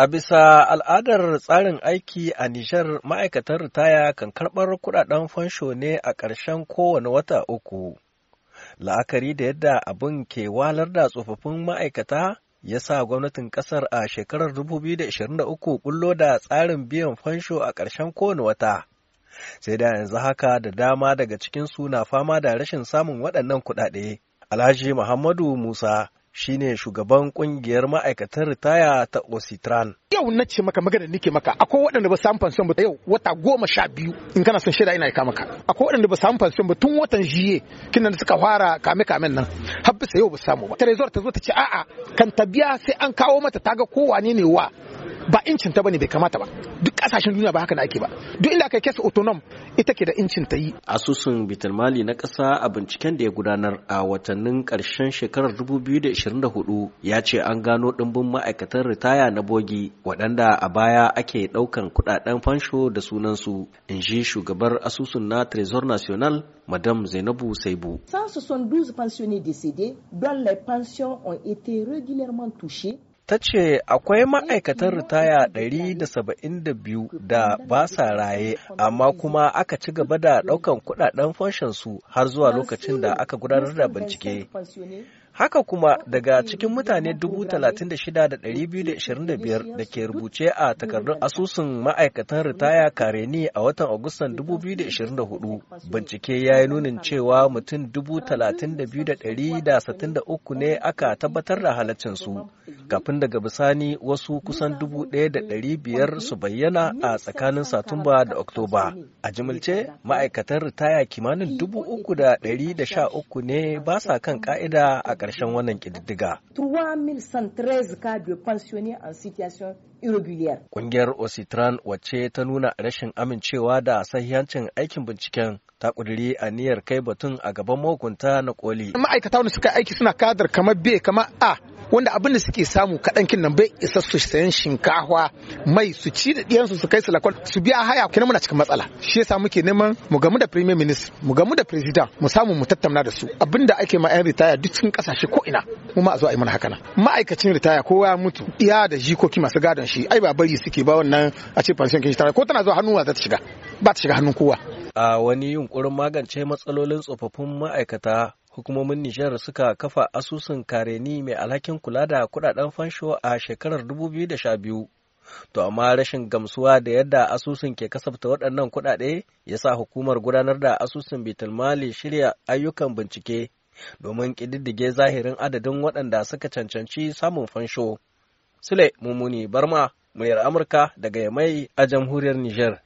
A bisa al'adar tsarin aiki a Nijar ma'aikatan ritaya kan karɓar kuɗaɗen fansho ne a ƙarshen kowane wata uku. La'akari da yadda abin ke walar da tsofaffin ma'aikata ya sa gwamnatin ƙasar a shekarar 2023 bullo da tsarin biyan fansho a ƙarshen kowane wata. Sai da yanzu haka da dama daga cikin suna fama da rashin samun waɗannan kuɗaɗe. Alhaji Muhammadu Musa shine shugaban kungiyar ma'aikatan ritaya ta Ositran. Yau na ce maka magana nike maka akwai waɗanda ba samu fansion ba yau wata goma sha biyu in kana son shida ina aika maka akwai waɗanda ba samu fansion ba tun watan jiye kinan da suka fara kame kamen nan har yau ba samu ba. Trezor ta zo ta ce a'a kan ta biya sai an kawo mata ta ga kowane ne wa ba incin ta bane bai kamata ba duk kasashen duniya ba haka na ake ba duk inda aka kesa autonom ita ke da incin ta yi asusun bitalmali na ƙasa a binciken da ya gudanar a watannin karshen shekarar 2024 ya ce an gano ɗimbin ma'aikatan ritaya na bogi waɗanda a baya ake ɗaukan kuɗaɗen fansho da sunansu in ji shugabar asusun na trésor national madame zainabu saibu 172 pensionnés décédés dont les pensions ont été régulièrement touchées ta ce akwai ma'aikatan ritaya 172 da ba sa raye amma kuma aka ci gaba da ɗaukan kudaden fanshansu har zuwa lokacin da aka gudanar da bincike Haka kuma daga cikin mutane 36,225 da ke rubuce a takardun asusun ma'aikatan ritaya kareni a watan Agustan 2024, bincike ya yi nunin cewa mutum 32,163 ne aka tabbatar da halaccinsu, kafin daga bisani wasu kusan 1,500 su bayyana a tsakanin Satumba da Oktoba. A jimilce, ma'aikatan ritaya kimanin 3,113 ne ba sa kan ka'ida a ƙarshen wannan ƙididdiga. 3,113 cas de pensionnés en situation irregulier. Kungiyar Ositran wace ta nuna rashin amincewa da sahihancin aikin binciken ta kuduri niyyar kai batun a gaban mahukunta na koli. Ma'aikata wani suka aiki suna kadar kamar B kamar A wanda abin da suke samu kaɗan kin nan bai isa su sayan shinkawa mai su ci da ɗiyansu su kai su lakon su biya haya kina muna cikin matsala shi yasa muke neman mu gamu da premier minister mu gamu da president mu samu mu tattauna da su abin da ake ma yan ritaya duk cikin ƙasashe ko ina kuma a zo a yi mana haka ma'aikacin ritaya kowa ya mutu iya da jikoki masu gadon shi ai ba bari suke ba wannan a ce pension kin ko tana zuwa hannu za ta shiga ba ta shiga hannun kowa a wani yunkurin magance matsalolin tsofaffin ma'aikata hukumomin Nijar suka kafa asusun kareni mai alhakin kula da kudaden fansho a shekarar 2012 to amma rashin gamsuwa da yadda asusun ke kasafta waɗannan kuɗaɗe ya sa hukumar gudanar da asusun bitalmali shirya ayyukan bincike domin ƙididdige zahirin adadin waɗanda suka cancanci samun fansho. Sule Mumuni Barma, muryar Amurka daga Yamai a jamhuriyar Nijar.